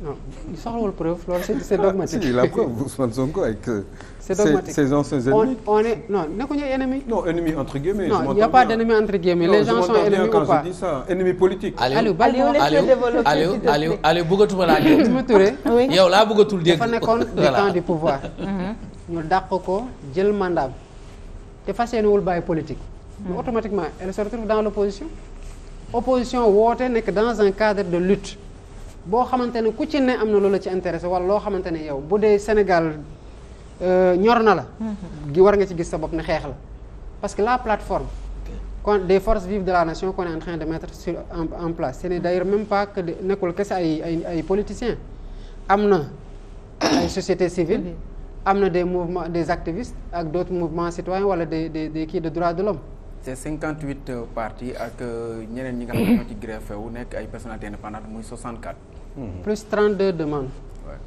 non soxlawul preuve loolu c' est c' est dogmatique. Ah, si la preuve Ousmane Sonko avec. Euh, c' est dogmatique ses anciens non nekkuñu ennemi. entre guillemets. non y' a pas d' ennemi entre guillemets. les gens sont ennemis ou pas je dis ça ennemi politique. Aliou Aliou Aliou Aliou Aliou bëggatuma laa dégg. su ma pouvoir. Mhm. ñu dàq ko jël mandat te fas yéene wul bàyyi politique. mais mhm. automatiquement elle se retrouve dans l' opposition. opposition nekk dans un cadre de lutte. boo xamante ne ku ci ne am na loola ci intéressé wala loo xamante ne yow bu dee Sénégal euh, ñor na la. Mm-hmm. gi war nga ci gis sa bopp ne xeex la parce que la plateforme. kon des forces vive de la nation qu'on en train de mettre sur en, en place ce n'est d'ailleurs même pas que nekkul kese ay ay ay am na ay société civile am na des mouvements des activistes ak d'autres mouvements citoyens wala des des des kii de droits de l'homme c'est cinquante huit euh, partis ak euh, ñeneen ñi nga xam wu nekk ay personnalités indépendantes muy soixante quatre Mhm. plus 32 demandes. Ouais.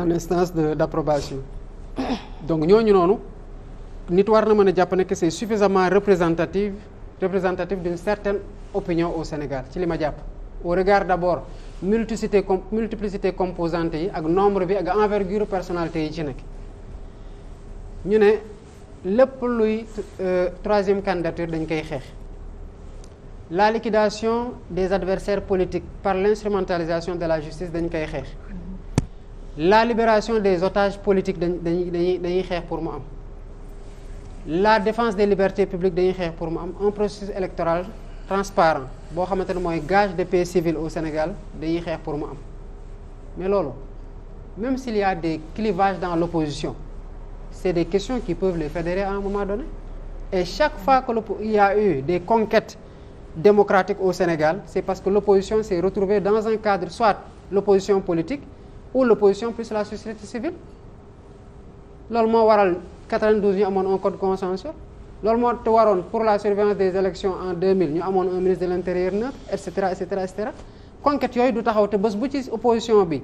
en instance de d'approbation. donc ñooñu noonu nit war na mën a jàpp ne que c'est suffisamment représentatif représentatif d'une certaine opinion au Sénégal ci li ma jàpp. au regard d'abord multiplicité com multiplicité composante yi ak nombre bi ak envergure personnalité yi ci nekk ñu ne lépp luy euh, troisième candidature dañ koy xeex. la liquidation des adversaires politiques par l'instrumentalisation de la justice dañ koy xeex la libération des otages politiques dañ dañuy dañuy xeex pour mu am la défense de libertés publique dañuy xeex pour mu am un processus électoral transparent boo xamante ne mooy gage de paix civile au Sénégal dañuy xeex pour mu am mais loolu même s'il y a des clivages dans l'opposition c'est des questions qui peuvent les fédérer à un moment donné et chaque fois que il des conquêtes démocratique au Sénégal, c'est parce que l'opposition s'est retrouvée dans un cadre, soit l'opposition politique ou l'opposition plus la société civile loolu moo waral 92 ñu amoon un code consensuel lool moo te waroon pour la surveillance des élections en 2000 ñu amoon un ministre de l'intérieur neutre et cetera et cetera yooyu du taxaw te bés bu ci opposition bi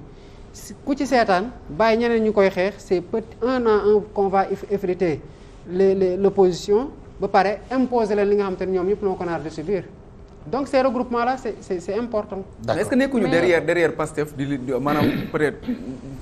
ku ci seetaan bàyyi ñeneen ñu koy xeex c'est peut un à un qu'on va effriter le les l'opposition ba pare imposer li nga xam te ne ñoom ñëpp noo ko nar de donc ces regroupements là c'est c'est c'est important. est-ce que nekkuñu derrière derrière Pastef di li maanaam être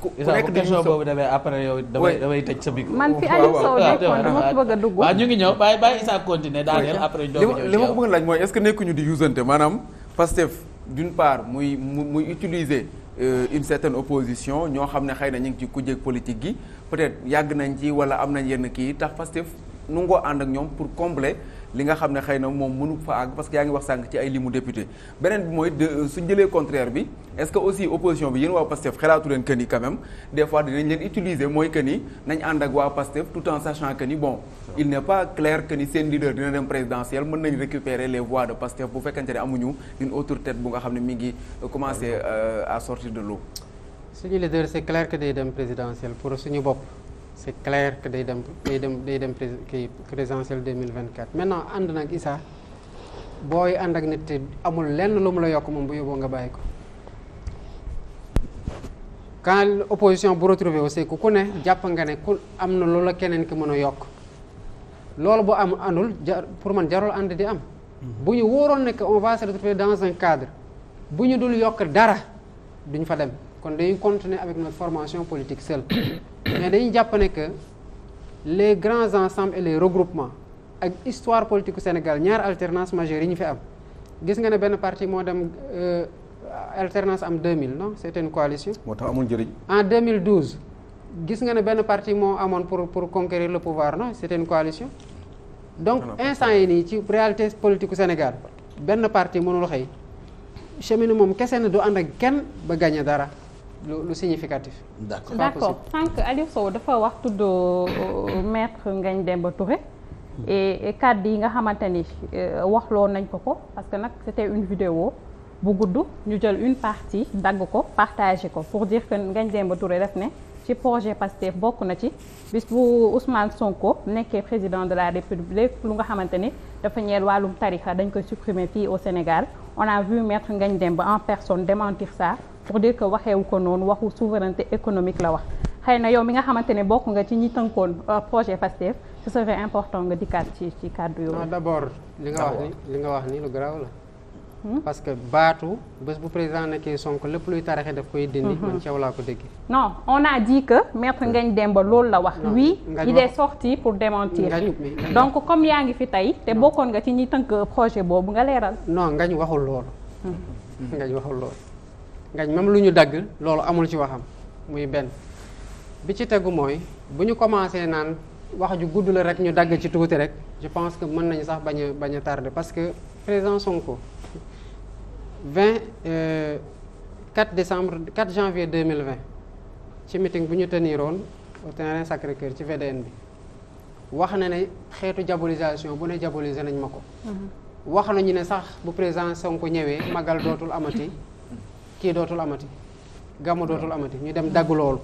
ku nekk question boobu demee après yow. damay damay tëj sa micro. man fi Aliou Sow ah, nekkoon ko bëgg a sa ah, waaw ñu ngi ñëw bàyyi bàyyi Issa continuer Daniel après. ñu doog a ñëw li ma ko bëgg laaj mooy est-ce que nekkuñu di usante maanaam Pastef d'une part muy muy utiliser. Euh, une certaine opposition ñoo xam ne xëy na ñu ngi ci kujjeeg politique gi peut-être yàgg nañ ci wala am nañ yenn kii tax Pastef nu ngoo ànd ak ñoom pour combler li nga xam ne xëy na moom mënu fa àgg parce que yaa ngi wax sànq ci ay limu député beneen bi mooy euh, suñ jëlee contraire bi est-ce que aussi opposition bi yéen waa PASTEF xalaatu leen que ni quand même des fois dinañ en sachant que ni bon il n'est pas clair que ni dina dem présidentiel mën nañ récupérer les voix de PASTEF bu fekkante ne amuñu une autre bu nga xam ne mi ngi euh, commencer euh, à sortir de l'eau suñu leader c'est clair que day dem présidentiel pour suñu bopp c'est clair que day dem day dem day dem kii présidentielle 2024 maintenant ànd nag Issa booy ànd ak nit te amul lenn lu mu la yokk moom bu yóbboo nga bàyyi ko quand opposition bu retrouvé aussi ku ku ne jàpp nga ne ku am na loola keneen ki mën a yokk loolu bu am àndul jar pour man jarul ànd di am mhm. bu ñu wóoroon ne que on va se retrouver dans un cadre bu ñu dul yokk dara duñ fa dem kon dañuy continuer avec notre formation politique seule mais dañuy jàpp ne que les grands ensembles et les regroupements ak histoire politique u Sénégal ñaar alternance majeure yi ñu fi am gis nga ne benn parti moo dem euh, alternance am 2000 non c'était une coalition. moo tax amul njëriñ. en 2012 gis nga ne benn parti moo amoon pour pour conquérir le pouvoir non c'était une coalition. donc instant yi nii ci réalité politique u Sénégal benn parti mënul xëy chemin moom kese na du ànd ak kenn ba gañe dara. lu lu significatif. d' accord d' dafa wax tudd euh, maître ngañ Demba Touré. Hmm. et kàddu yi nga xamante ni euh, waxloo nañ ko ko parce que nag c' une vidéo bu gudd ñu jël une partie dagg ko partagé ko pour dire que Ngagne Demba toure def ne ci projet PASTEF bokk na ci bis bu Ousmane Sonko nekkee président de la République lépp lu nga xamante ni dafa ñeel wàllum tarixa dañ koy supprimer fii au Sénégal on a vu maître Ngagne Demba en personne démentir ça. pour dire que waxeewu ko noonu waxu souveranté économique la wax xëy na yow mi nga xamante ne bokk nga ci ñi tënkoon euh, projet Pastef ce serait important nga di dikkaat ci ci kàddu yooyu. non d'abord li nga wax ni li nga wax ni lu garaaw la. Hmm? parce que baatu bés bu président nekkee Sonko lépp luy taraxe daf koy dindi. Hmm, hmm. man ci yow laa ko déggee. non on a dit que maître Ngagne Demba loolu la wax. oui il est sorti pour démentir. donc comme yaa ngi fi tey te bokkoon nga ci ñi tënk projet boobu nga leeral. non Ngagne waxul loolu. Ngagne waxul loolu. ngañ même lu ñu dagg loolu amul ci waxam muy benn bi ci tegu mooy bu ñu commencé naan wax ju gudd la rek ñu dagg ci tuuti rek je pense que mën nañu sax bañ a bañ a tardé parce que président Sonko 20 euh, 4 décembre 4 janvier 2020 ci meeting bu ñu teniroon au terrain Sacré-Cœur ci VDN bi wax na ne xeetu diabolisation bu ne diaboliser nañ ma ko. Mm-hmm. wax nañu ne sax bu président Sonko ñëwee magal dootul amati. kii dootul amati gàmmu dootul amati ñu dem dagg loolu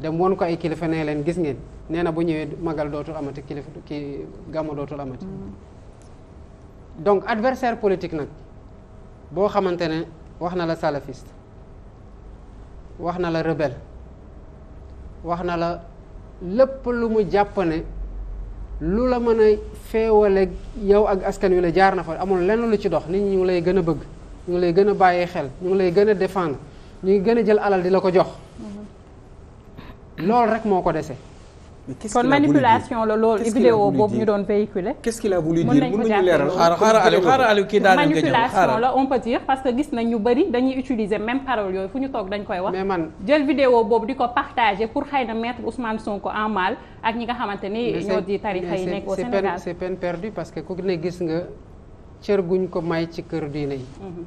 dem won ko ay kilifa ne leen gis ngeen nee na bu ñëwee magal dootul amati kilifa kii gàmmu dootul amati mm-hmm. donc adversaire politique nag boo xamante ne wax na la salafiste wax na la rebelle wax na la lépp lu mu jàpp ne lu la mën a feewale yow ak askan wi la jaar na fa amul lenn lu ci dox nit ñi lay gën a bëgg ñu ngi lay gën a bàyyi xel ñu ngi lay gën a défendre ñu ngi gën a jël alal di la ko jox loolu rek moo ko dese. kon manipulation la loolu vidéo boobu ñu doon véhiculer qu'est-ce qu'il a voulu leeral manipulation la on peut parce que gis nañ ñu bëri dañuy utiliser même parole yooyu fu ñu toog dañ koy wax mais man jël vidéo boobu di ko partager pour xëy na mettre Ousmane Sonko en mal ak ñi nga xamante ni ñoo di tarixa yi nekk au Sénégal c'est peine parce que ku ne gis nga cër guñ ko may ci kër diine yi mhm.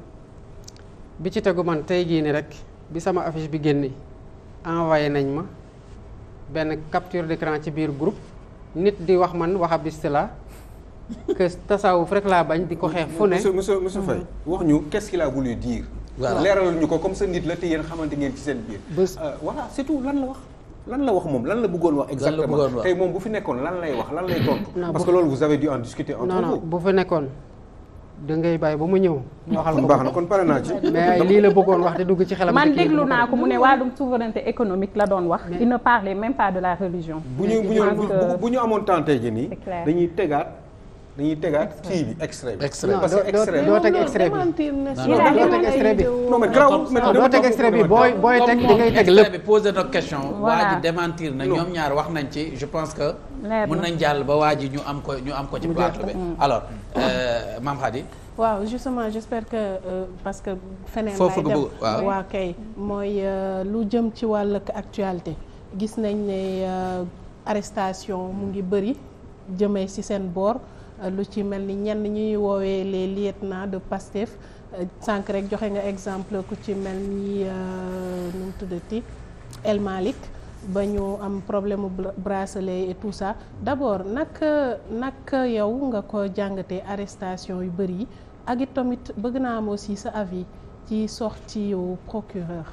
bi ci tegu man tey jii ni rek bi sama affiche bi génne envoyé nañ ma benn capture d'écran ci biir groupe nit di wax man wahabiste la que tasawuf rek laa bañ di ko xeex fu ne monsieur monsieur Faye mhm. wax ñu qu'est-ce qu'il a voulu dire leeralal ñu ko comme sa nit la te yéen xamante ngeen ci seen biir euh, voilà c'est tout lan la wax lan la wax moom lan la bëggoon wax exactement tey moom bu fi nekkoon lan lay wax lan lay tontu parce loolu vous da ngay bàyyi ba mu ñëw. ñu waxal ko baax na kon pare naa ci. mais lii la bëggoon wax te dugg ci xelam. man déglu naa ko mu ne wàllum souveraineté économique la doon wax. i na parlait même pas de la religion. bu ñu bu ñu bu ñu amoon temps tey jii nii. dañuy tegaat. dañuy tegaat kii bi extrait bi. extrait parce teg extrait bi. doo teg extrait bi. non mais garaaw bi booy booy teg da ngay teg lépp. bi posé question. waa ji démentir na ñoom ñaar wax nañ ci je pense que. mën nañ jàll ba waa ji ñu am ko ñu am ko ci plateau bi. aloor euh, Mame Khady. waaw justement j'espère que euh, parce que feneen foofu waaw kay mooy euh, lu jëm ci wàllug actualité gis nañ ne arrestation mu ngi bëri jëmee ci seen boor lu ci mel ni ñenn ñuy woowee les lieutenants de Pastef euh, sànq rek joxe nga exemple ku ci mel ni euh, nu mu tuddati El Malick ba ñu am problème mu et tout ça d'abord naka naka yow nga ko jàngatee arrestation yu bëri yi ak it tamit bëgg naa am aussi sa avis ci sortie yu procureur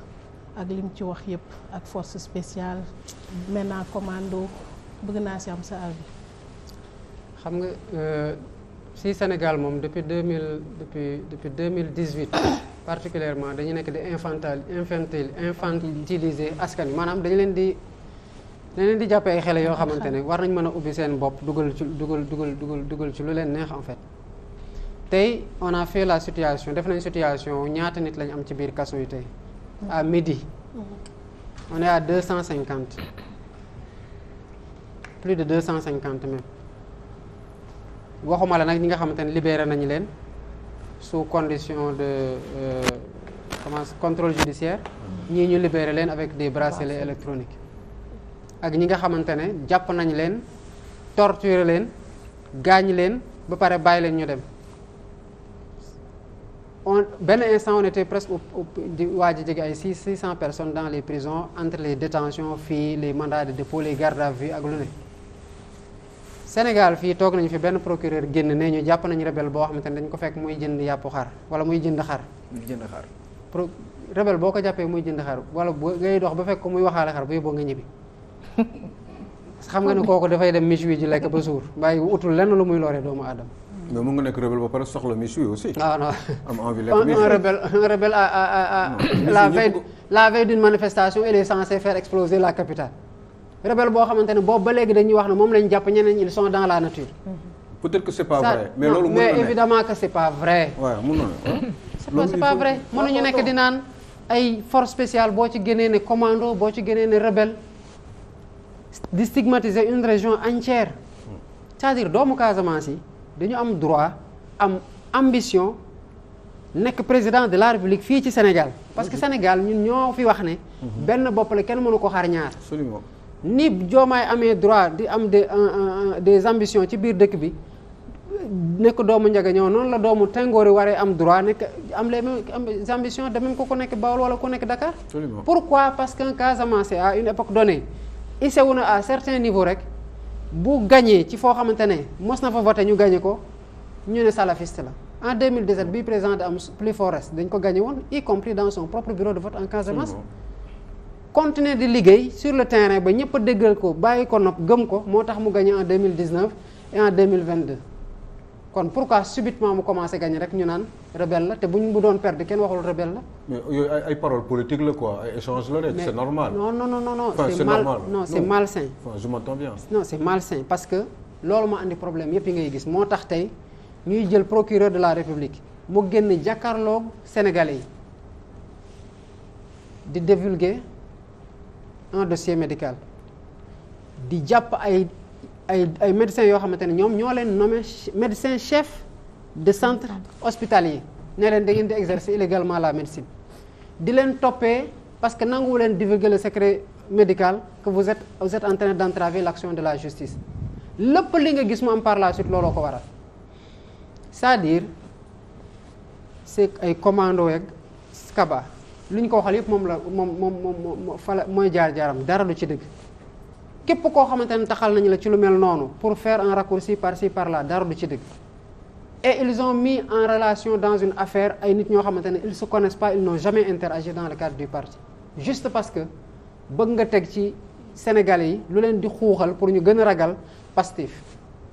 ak lim ci wax yépp ak force spéciale maintenant commando bëgg naa si am sa avis. xam nga euh, si Sénégal moom depuis deux mille depuis depuis deux mille dix huit particulièrement dañu nekk di infantil infantile infantiliser askan maanaam dañu leen di dañu leen di jàppee ay xele yoo xamante ne war nañ mën a ubbi seen bopp dugal ci dugal dugal dugal dugal ci lu leen neex en fait tey on a fait la situation def nañ situation ñaata nit lañu am ci biir kaso yi tey à midi mm-hmm. on est deux cent cinquante plus de deux cent cinquante même waxuma la nag ñi nga xamante ne libéré nañ leen sous condition de euh, comment contrôle judiciaire ñii ñu libéré leen avec des bracelets électroniques ak ñi nga xamante ne jàpp nañ leen torture leen gaañ leen ba pare bàyyi leen ñu dem on benn instant on était presque di waa ji jege ay six six cent personnes dans les prisons entre les détentions fii les mandats de dépôt les gardes à vue ak lu ne Sénégal fii toog nañu fi benn procureur génn nee ñu jàpp nañu rebelle boo xam ne dañ ko fekk muy jënd yàpp xar wala muy jënd xar. muy jënd xar. pro rebelle boo ko jàppee muy jënd xar wala boo ngay dox ba fekk ko muy waxaale xar bu yóbboo nga ñibbi. xam nga ne kooku dafay dem méchoui ji lekk ba suur bàyyi utul lenn lu muy loree doomu aadama. mais mu nga nekk rebelle ba pare soxla méchoui aussi. ah non am envie lekk bi un rebelle un la veille la veille d'une manifestation il est la capitale. rebelle boo xamante ni boobu ba léegi dañuy wax ne moom lañ jàpp ñeneen ils sont dans la nature. peut-être que c'est pas ça, vrai. mais loolu mais évidemment que c'est pas vrai. waaw mun na c'est nekk di naan ay force spéciale boo ci génnee ne commando boo ci génnee ne rebelle di stigmatiser une région entière cest à doomu Casamance yi dañu am droit am ambition nekk président de la République fii ci Sénégal parce que Sénégal ñun ñoo fi wax ne. Mhm. benn bopp la kenn mënu ko xaar ñaar. ni Diomaye amee droit di am des des ambitions ci biir dëkk bi nekk doomu njaga ñëw noonu la doomu Tengoor yi waree am droit nekk am les mêmes ambitions de même ko ku nekk Bawol wala ku nekk Dakar. pourquoi parce qu'un Casamance à une époque donnée isewu na à certains niveaux rek bu gagné ci foo xamante ne mos na fa voté ñu gagné ko ñu ne salafiste la. en 2017 bii président de am plus forest dañ ko gagné woon y compris dans son propre bureau de vote en Casamance. continuer di liggéey sur le terrain ba ñëpp a déggal ko bàyyi ko nopp gëm ko moo tax mu gagné en 2019 et en 2022 kon pourquoi subitement mu commencé gagné rek ñu naan rebelle la te bu bu doon perdre kenn waxul rebelle la. mais yooyu ay parole politique la ko ay échange la rek. c'est normal non non non non. Enfin, c'est mal normal. non c'est malsain. enfin parce que loolu ma indi problème yëpp yi ngay gis moo tax tey ñuy jël procureur de la république mu génn jàkkaarloog sénégalais yi di divulguer. un dossier médical di jàpp ay ay ay médecins yoo xamante ne ñoom ñoo leen nommé médecin chef de centre hospitalier ne leen da ngeen di exercer illégalement la médecine di leen toppee parce que nangu leen divulguer le secret médical que vous êtes vous êtes en train l'action de la justice lépp li nga gis mu am par la suite looloo ko waral c'est-à-dire c'est ay commando yeeg scaba lu ñu ko waxal yëpp moom la moom moom moom fala mooy jaar-jaaram dara du ci dëgg képp koo xamante ne taxal nañu la ci lu mel noonu pour faire en raccourci par-ci par la dara du ci dëgg et ils ont mis en relation dans une affaire ay nit ñoo xamante ne ils se connaissent pas ils n'ont jamais interagi dans le cadre du parti juste parce que bëgg nga teg ci Sénégalais yi lu leen di xuuxal pour ñu gën a ragal Pastef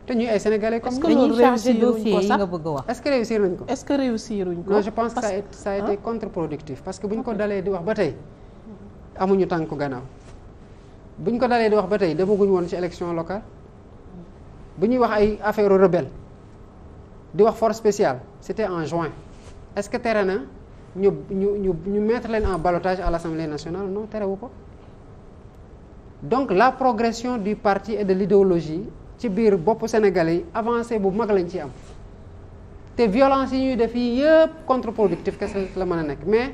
te ñuy ay sénégalais comme dañuy chargé dossier yi nga bëgg a wax est-ce que réussir nañ ko est-ce que réussir uñ ko non je pense que ça a ça a ba tey amuñu tànk gannaaw bu ko dalee di wax ba tey demaguñ woon ci bu ñuy wax ay affaire rebelle di wax force spéciale en juin est-ce que tere na ñu ñu ñu ñu mettre leen en ballottage à l'Assemblée nationale non terewu ko donc la progression du parti et de l'idéologie ci biir bopp sénégalais yi avancé bu mag lañ ci am te violence yi ñuy def yii yëpp contre-productif kese la mën a nekk mais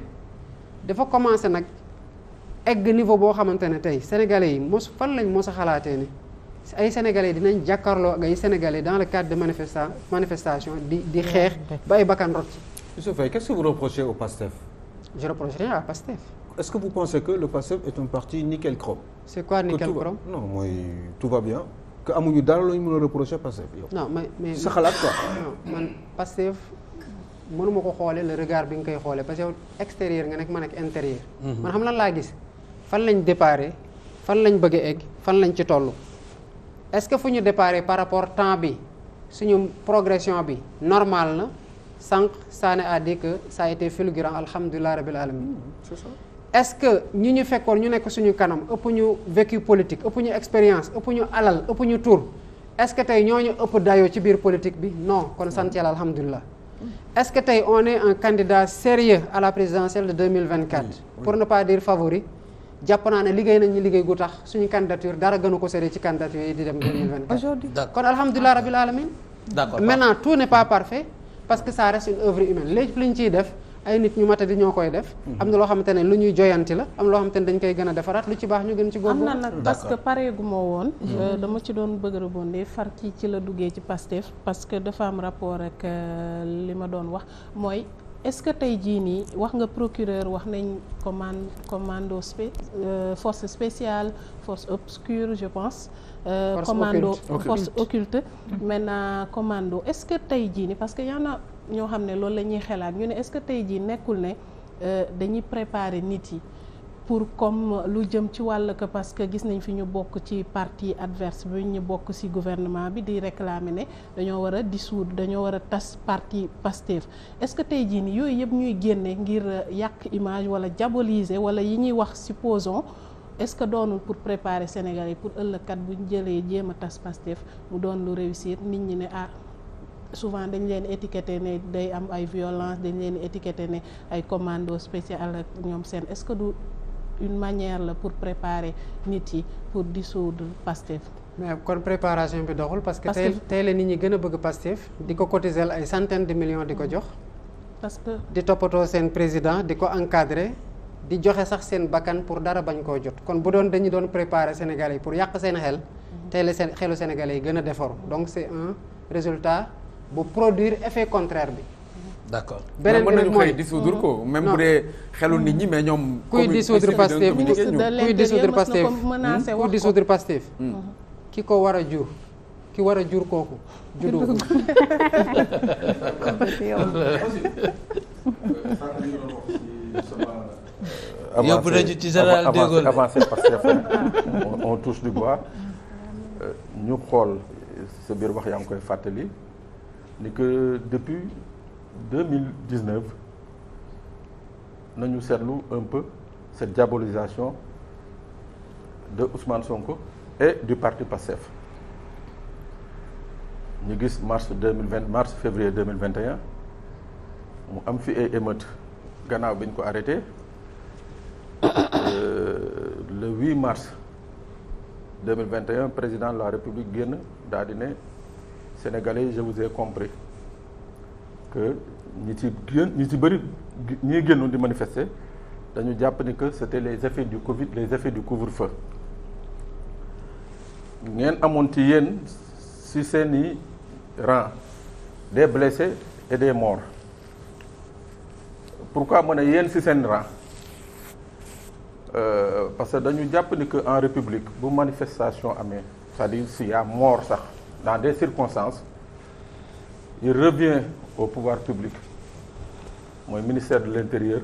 dafa commencé nag egg niveau boo xamante ne tey sénégalais yi mos fan lañ mos a xalaatee ne ay sénégalais dinañ jàkkaarloo ak ay sénégalais dans le cadre de manifesta manifestation di di xeex ba ay bakkan rot ci. Youssouf Faye, quest que vous reprochez au PASTEF? Je reproche rien à PASTEF. Est-ce que vous pensez que le PASTEF est un parti nickel chrome? C'est quoi nickel chrome? Non, moi, tout va bien. que amuñu dara la ñu mën a reprocher Pastef yow. mais mais sa xalaat quoi. non man Pastef mënuma ko xoolee le regard bi nga koy xoolee parce que yow extérieur nga nekk man ak intérieur. Mhm. man xam lan laa gis fan lañ déparé fan lañ bëgg a egg fan lañ ci toll. est-ce que fu ñu déparé par rapport temps bi suñu progression bi normal na sànq Sané a dit saa ça a été fulgurant alhamdulilah rabil alamin est-ce que ñi ñu fekkoon ñu nekk suñu kanam ëpp ñu vécu politique ëpp ñu expérience ëpp ñu alal ëpp ñu tur est-ce que tey ñooñu ëpp dayoo ci biir politique bi no kon sant yàlla alhamdulilah est-ce que tey on est un candidat sérieux à la présidentielle de 2024 pour ne pas dire favori jàpp naa ne liggéey nañu liggéey gu tax suñu candidature dara gënu ko sérieux ci candidature yi di dem 2024 aujourd'hui kon alhamdulilah rabbil alamin d'accord tout n'est pas parfait parce que ñu ciy def ay nit ñu matadi ñoo koy def. Mhm. am na loo xamante ne lu ñuy joyanti la am loo xamante ne dañ koy gën a defaraat lu ci baax ñu gën ci góob. am na nag parce que pare gu ma woon. Mhm. Euh, dama ci doon bëgg a rebondir far kii ci la duggee ci Pastef parce que dafa am rapport ak euh, li ma doon wax mooy. est-ce que tey jii nii wax nga procureur wax nañ commande commando spé euh, force spéciale force obscure je pense euh, commando force occulte mmh. commando est tey jii nii parce que y ñoo xam ne loolu la ñuy xalaat ñu ne est-ce que tey jii nekkul ne euh, dañuy préparer nit yi pour comme lu jëm ci wàll que parce que gis nañ fi ñu bokk ci parti adverse bi ñu bokk ci gouvernement bi di réclamer ne dañoo war a dissoudre dañoo war a tas parti Pastef est-ce que tey jii nii yooyu yëpp ñuy génne ngir yàq image wala diaboliser wala yi ñuy wax supposons est-ce que doonul pour préparer Sénégalais pour ëllëg kat bu jëlee jéem a tas Pastef mu doon lu réussir nit ñi ne ah. souvent dañ leen étiqueté ne day am ay violence dañ leen étiqueté ne ay commando spécial ak ñoom seen est-ce que du une manière la pour préparer nit yi pour di dissoudre Pastef mais kon préparation bi doxul parce que tey tey la nit ñi gën a bëgg Pastef di ko cotiser ay centaines de million di ko jox parce que di toppatoo seen président di ko encadrer di joxe sax seen bakkan pour dara bañ koo jot kon bu doon dañu doon préparer Sénégalais yi pour yàq seen xel mhm. tey la seen xelu Sénégalais yi gën a defaru bu produire effet contraire bi. d'accord beneen bi nag mën nañu xëy dissoudre ko même bu dee xelu nit ñi mais ñoom. kuy dissoudre Pastef kuy dissoudre Pastef kuy dissoudre Pastef ki ko war a jur ki war a jur kooku juddoo ko. yóbbu nañu ci général de Gaulle avancé Pastef on touche du bois euh, ñu xool sa biir wax yaa ngi koy fàttali. ni que depuis deux mille dix neuf nañu seetlu un peu cette diabolisation de Ousmane Sonko et du parti PASTEF ñu gis mars deux mille vingt mars février deux mille vingt mu am fi ay émeutes gannaaw bi ñu ko arrêté euh, le 8 mars 2021 président de la République génn daal di ne sénégalais je vous ai compris que ñi ci gën ñi ci bëri ñi génnoon di manifester dañu jàpp ni que c'était les effets du Covid les effets du couvre-feu ngeen amoon ci yéen si seeni i rang des blessés et des morts pourquoi ma ne yéen si seen rang euh, parce que dañu jàpp ni que en république bu manifestation amee c'est-à-dire s'il y sax dans des circonstances il revient au pouvoir public mooy ministère de l'intérieur